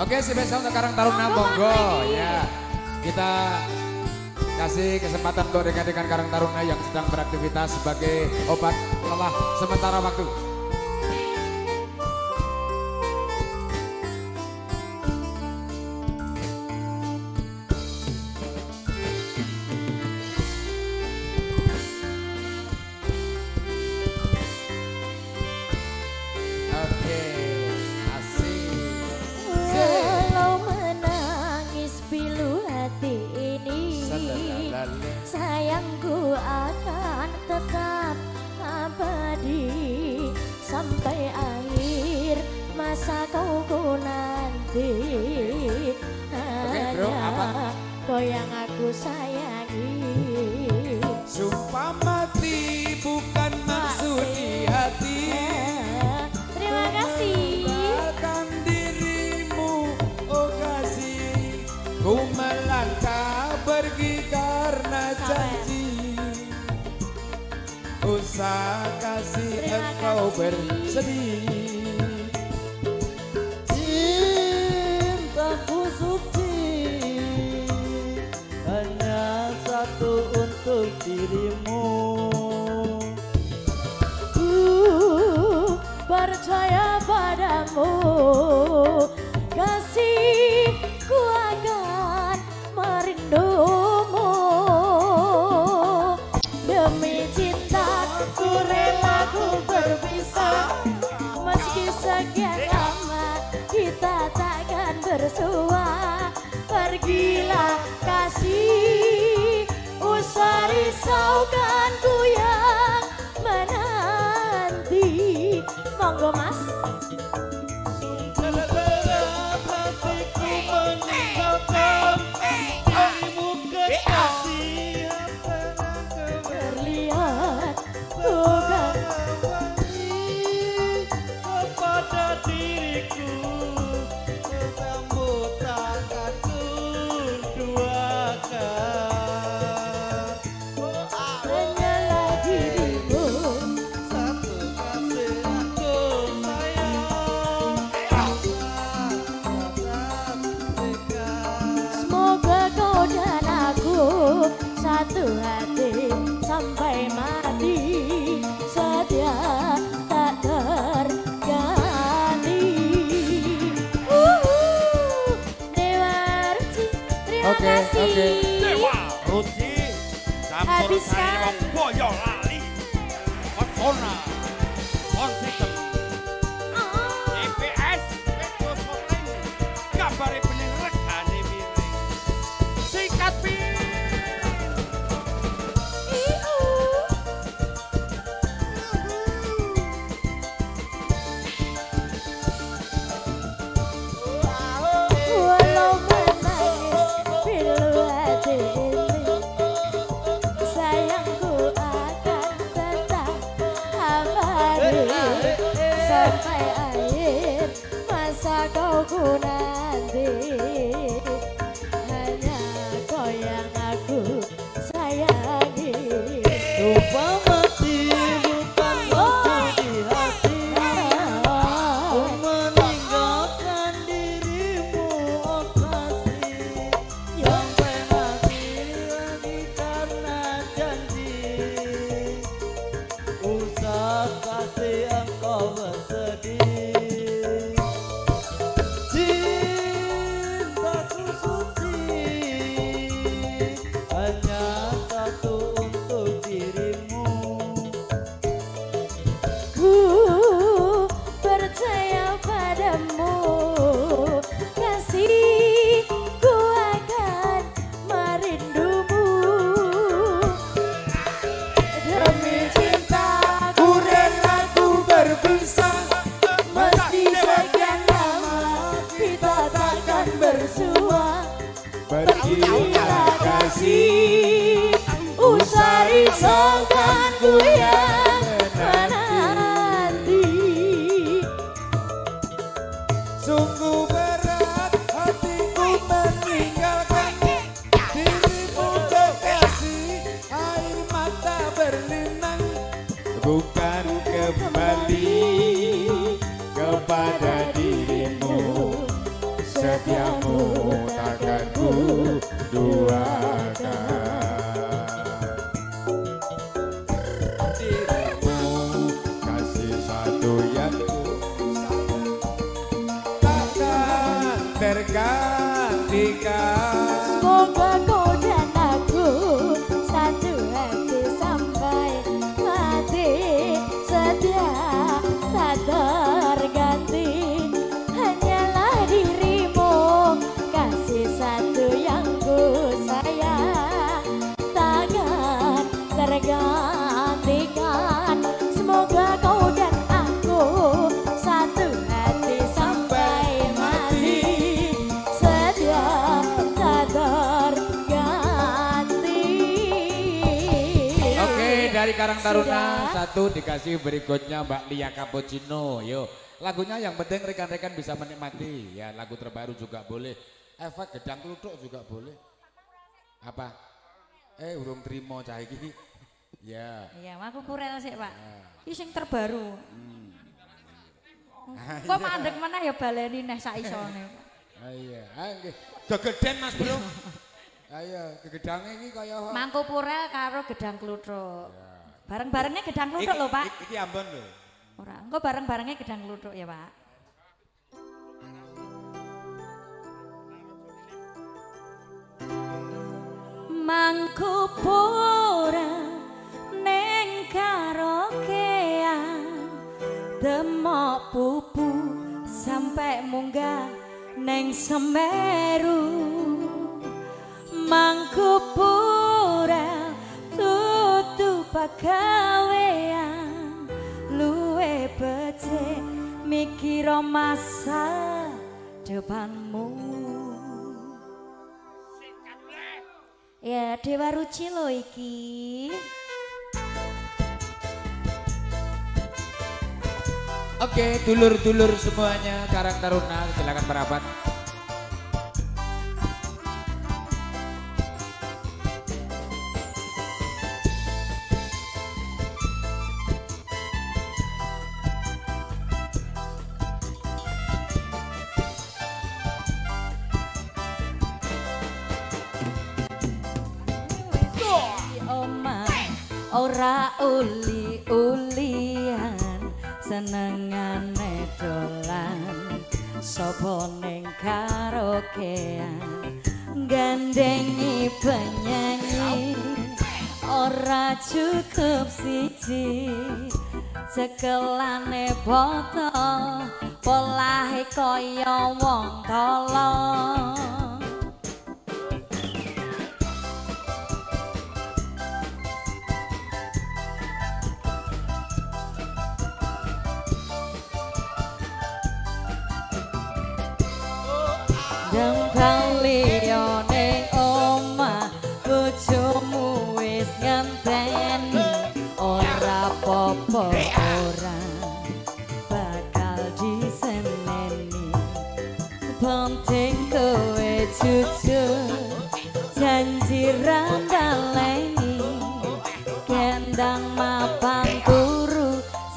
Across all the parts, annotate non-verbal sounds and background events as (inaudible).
Oke, si besok untuk Karang Taruna Monggo ya. Kita kasih kesempatan untuk rekan-rekan Karang Taruna yang sedang beraktivitas sebagai obat lelah sementara waktu. ver se vi ます。corner. pada dirimu setiapmu takkan ku dua dari Karang Taruna. Sudah. Satu dikasih berikutnya Mbak Lia Cappuccino. Yo, lagunya yang penting rekan-rekan bisa menikmati. Ya, lagu terbaru juga boleh. Efek gedang Kluduk juga boleh. Apa? Eh, urung Trimo cah iki. (laughs) Ya. Iya, aku kurel sih, Pak. Ya. sing terbaru. Hmm. Kok ah, iya. mandek mana ya baleni neh sak isone. Ah, iya, ah, nggih. Gegeden Mas Bro. Ayo, (laughs) iya. kegedangnya ini kaya Mangku purel karo gedang kluthuk. Ya. Bareng-barengnya gedang kluthuk lho, Pak. Iki ambon lho. Ora, engko bareng-barengnya gedang kluthuk ya, Pak. Mangku pura neng karaokean demok pupu Sampe munggah neng semeru mangku kawean luwe pece mikir masa depanmu Ya Dewa Ruci lo iki Oke dulur-dulur semuanya Karang Taruna silakan merapat ne dolan sapa ning karaokean gandengi penyanyi ora cukup siji cekelane botol polahe koyo wong tolong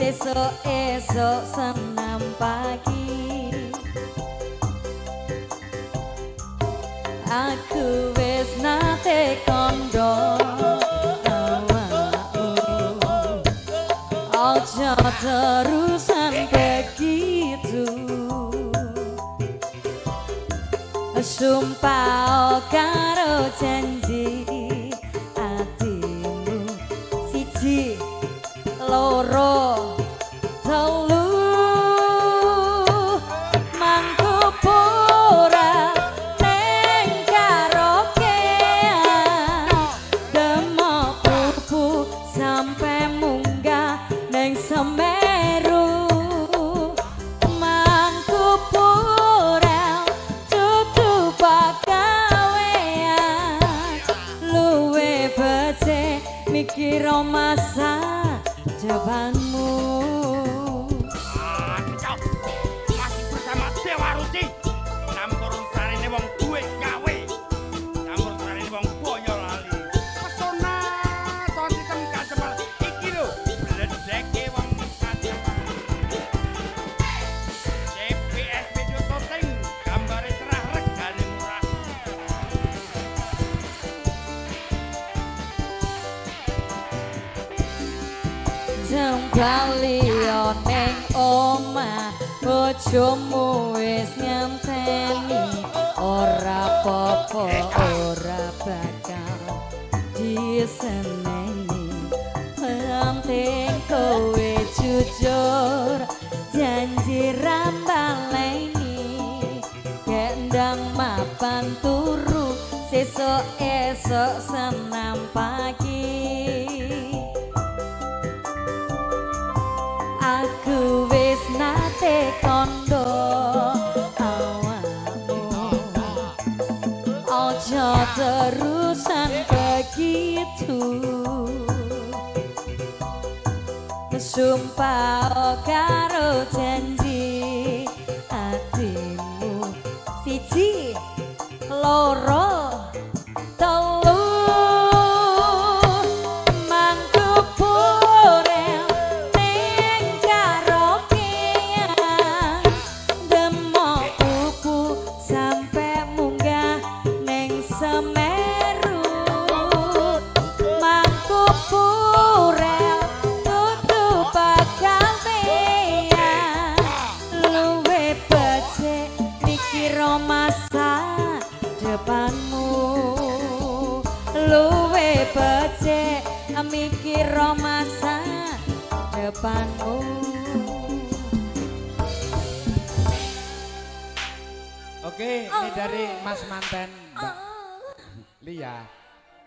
Esok-esok senam pagi Aku wis nate kondo Ojo terusan begitu Sumpah o oh, karo jeng jawabanmu. Ah, Masih bersama Dewa Ruti. Bojomu wis nyanteni Ora popo ora bakal diseneni Penting kowe jujur janji rambaleni Gendang mapan turu sesok esok sama sumpah oh, karo janji Siro depanmu Oke, ini dari Mas Manten, Mbak Lia.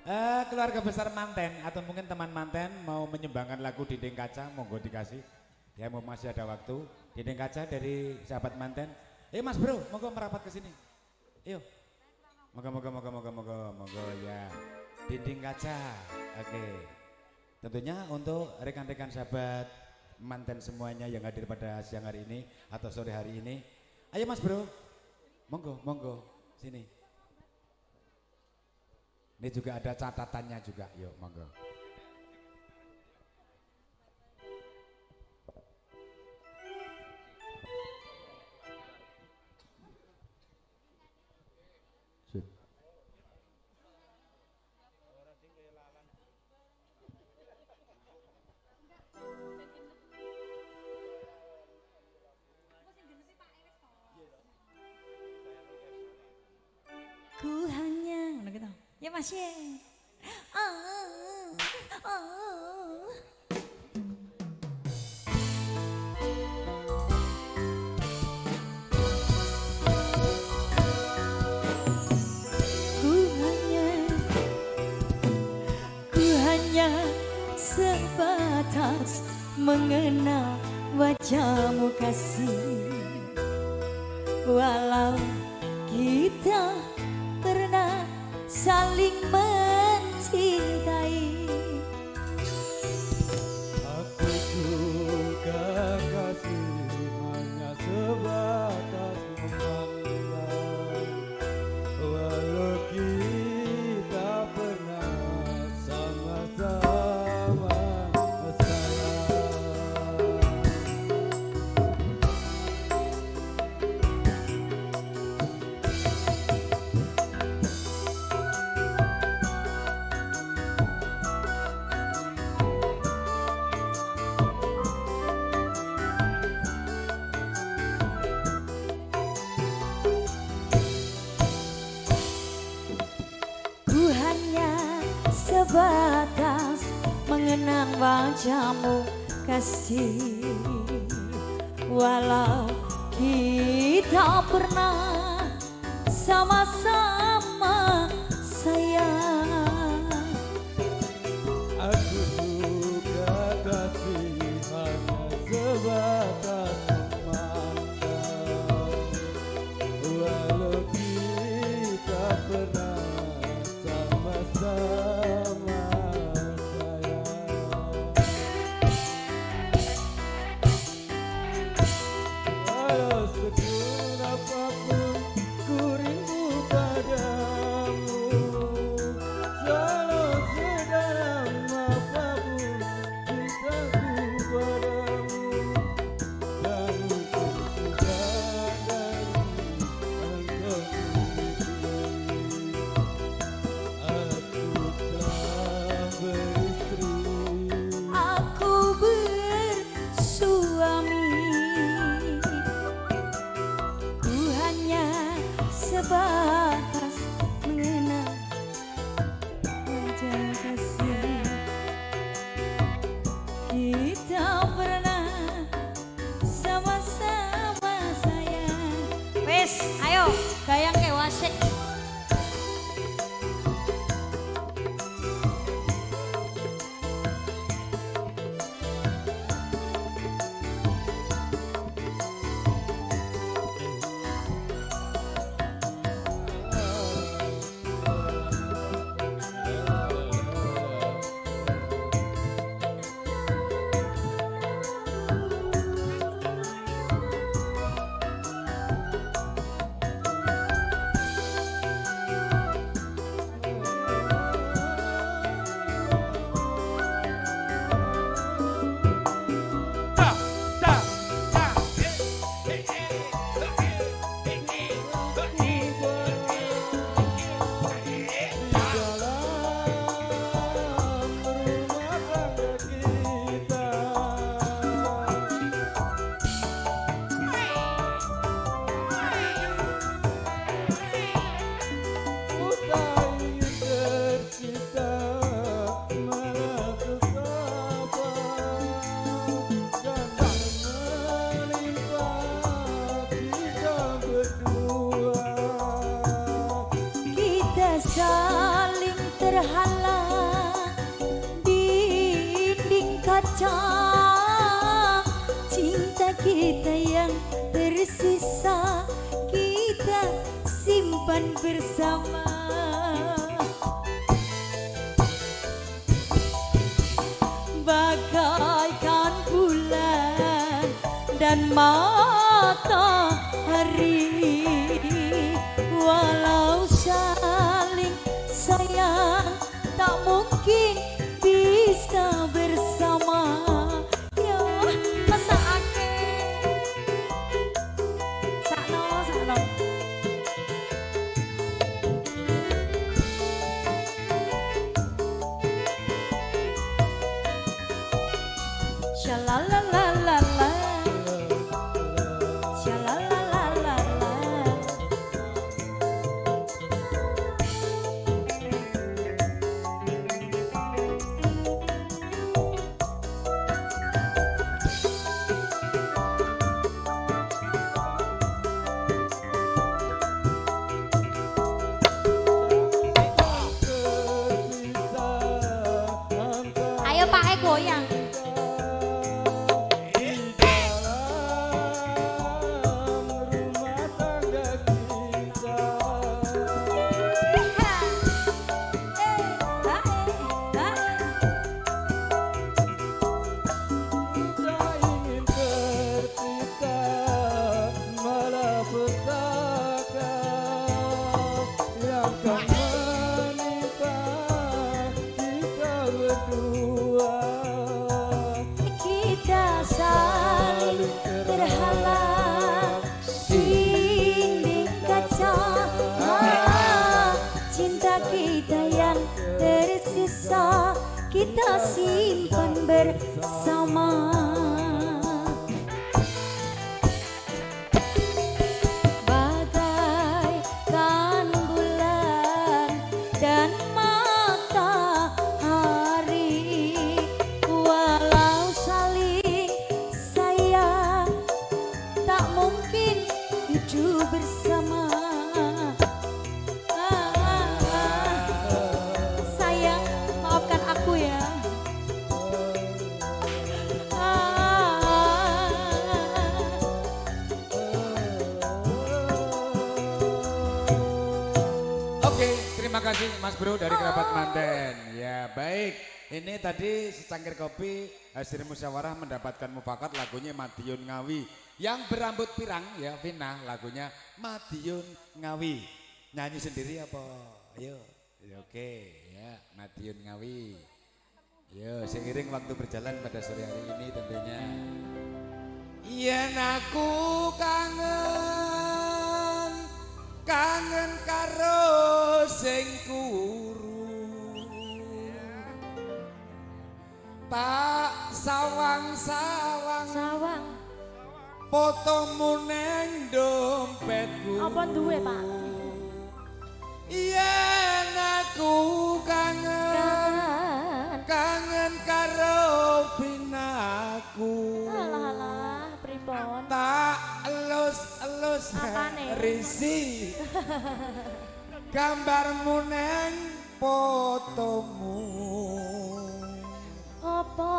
Uh, keluarga besar Manten atau mungkin teman Manten mau menyumbangkan lagu Dinding Kaca, monggo dikasih. Ya mau masih ada waktu. Dinding Kaca dari sahabat Manten. Eh Mas Bro, monggo merapat ke sini. Yuk. Moga moga moga moga moga moga ya. Dinding Kaca. Oke. Okay. Tentunya untuk rekan-rekan sahabat mantan semuanya yang hadir pada siang hari ini atau sore hari ini. Ayo Mas Bro. Monggo, monggo. Sini. Ini juga ada catatannya juga. Yuk, monggo. Mas oh, oh. hanya, ku hanya sebatas mengenal wajahmu kasih kasih Walau kita pernah sama-sama kita simpan bersama Bro dari Kerabat oh. Manten. Ya baik. Ini tadi secangkir kopi hasil musyawarah mendapatkan mufakat lagunya Madiun Ngawi. Yang berambut pirang ya Vina lagunya Madiun Ngawi. Nyanyi sendiri apa? Ayo. Ya, oke ya Madiun Ngawi. Yo, seiring waktu berjalan pada sore hari ini tentunya. Iya, aku kangen. kangen karo sing kuru tak sawang sawang sawang potomu neng dompetku apa duwe pak iya Apane? Gambarmu neng fotomu. Apa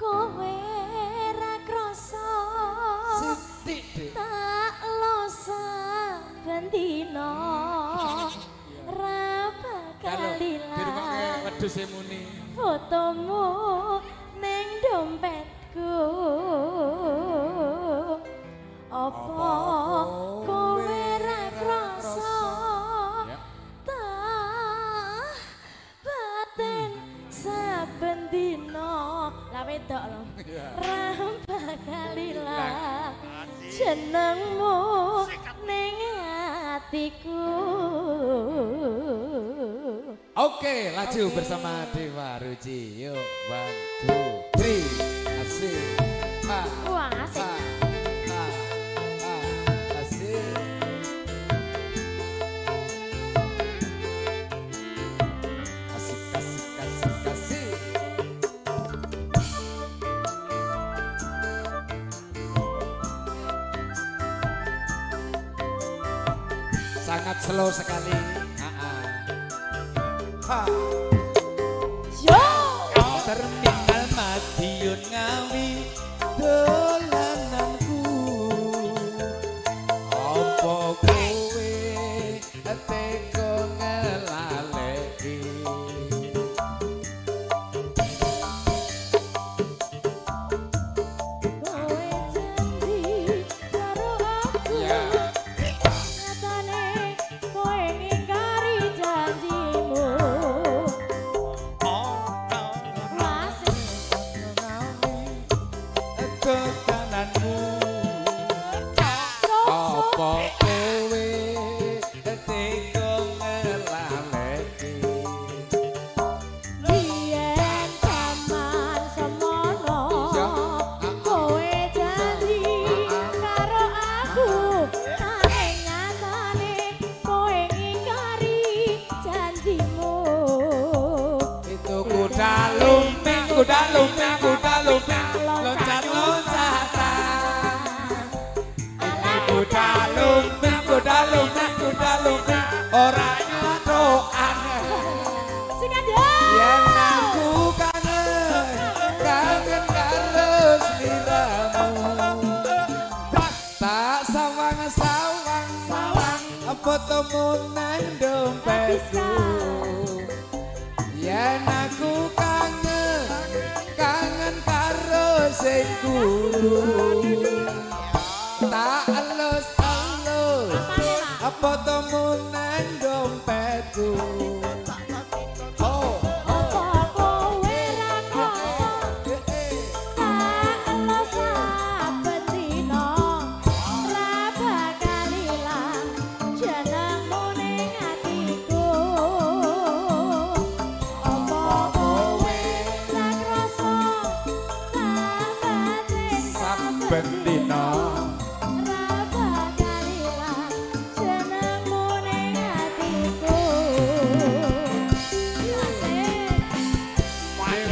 kowe ra krasa? Tak losa bendino. E fotomu neng dompetku. Apa kowe ra krasa ya. tah batin saben dina la wedok lho. Iya. Ra jenengmu ning atiku. Oke, laju bersama Dewa Ruci. Yuk, one, two, three. Asik. slow sekali. Ah, ah. Ha. -ha. ha. guru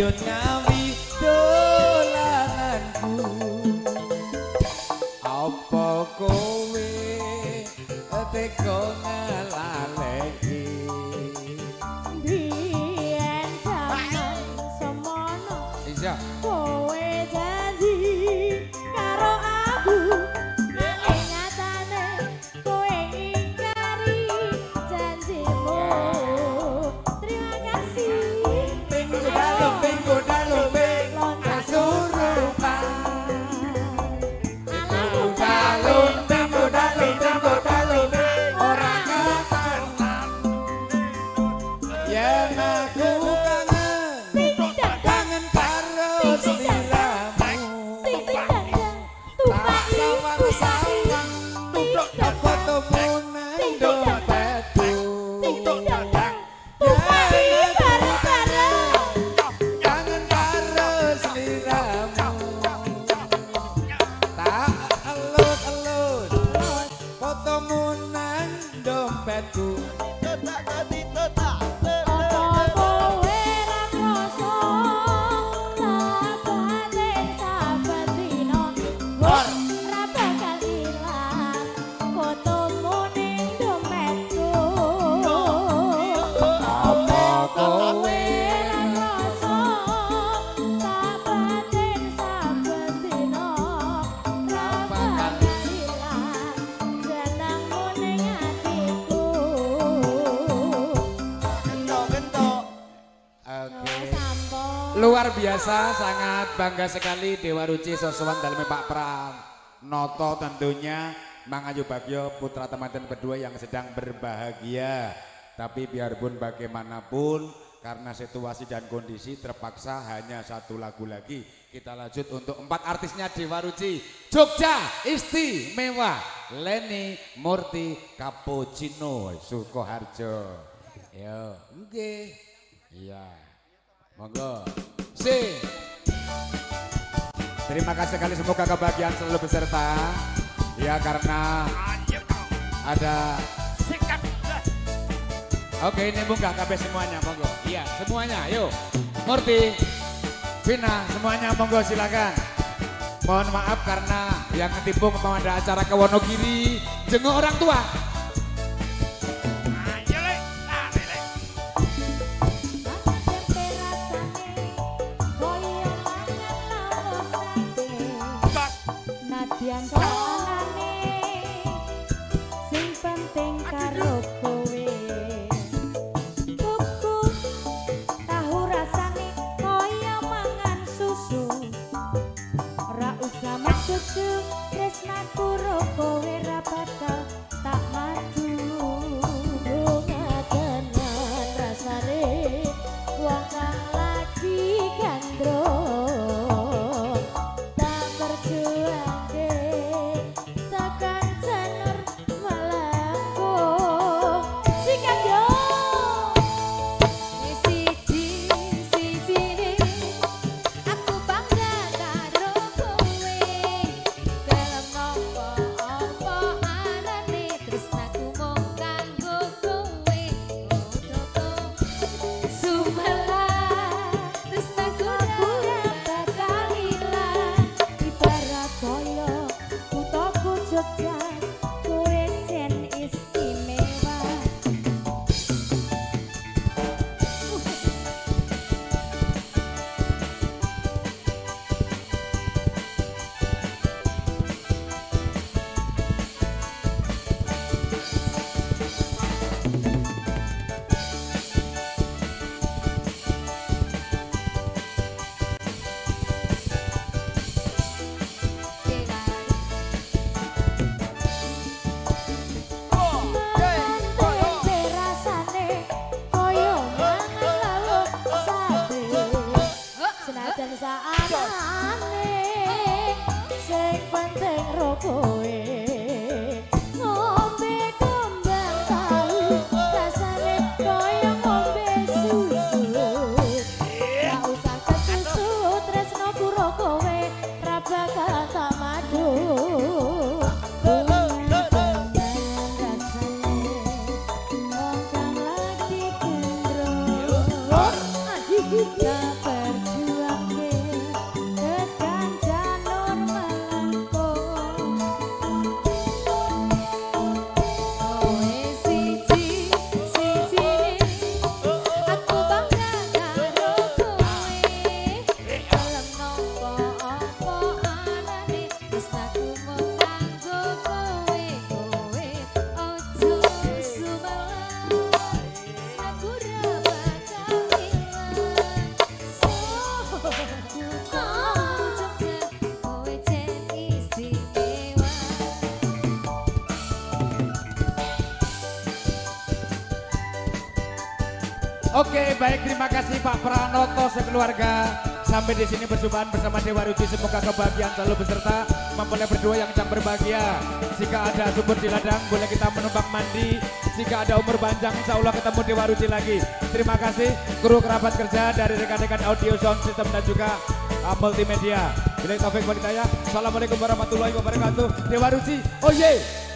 Go now. biasa sangat bangga sekali Dewa Ruci Sosowan dalam Pak Pram Noto tentunya Mang Ayu Bagio putra teman-teman berdua yang sedang berbahagia tapi biarpun bagaimanapun karena situasi dan kondisi terpaksa hanya satu lagu lagi kita lanjut untuk empat artisnya Dewa Ruci Jogja Istimewa Leni Murti Cappuccino Sukoharjo yo oke okay. iya yeah. monggo Si, Terima kasih sekali semoga kebahagiaan selalu beserta. Ya karena ada sikap. Oke ini buka KB semuanya monggo. Iya semuanya yuk. Murti, Vina semuanya monggo silakan. Mohon maaf karena yang ketipu mau ada acara ke Wonogiri. Jenguk orang tua. Pak Pranoto sekeluarga. Sampai di sini perjumpaan bersama Dewa Ruci semoga kebahagiaan selalu beserta mempelai berdua yang sedang berbahagia. Jika ada subur di ladang boleh kita menumpang mandi. Jika ada umur panjang insya Allah ketemu Dewa Ruci lagi. Terima kasih kru kerabat kerja dari rekan-rekan audio sound system dan juga uh, multimedia. Bila Taufik Walidaya, Assalamualaikum warahmatullahi wabarakatuh. Dewa Ruci, oh yeah.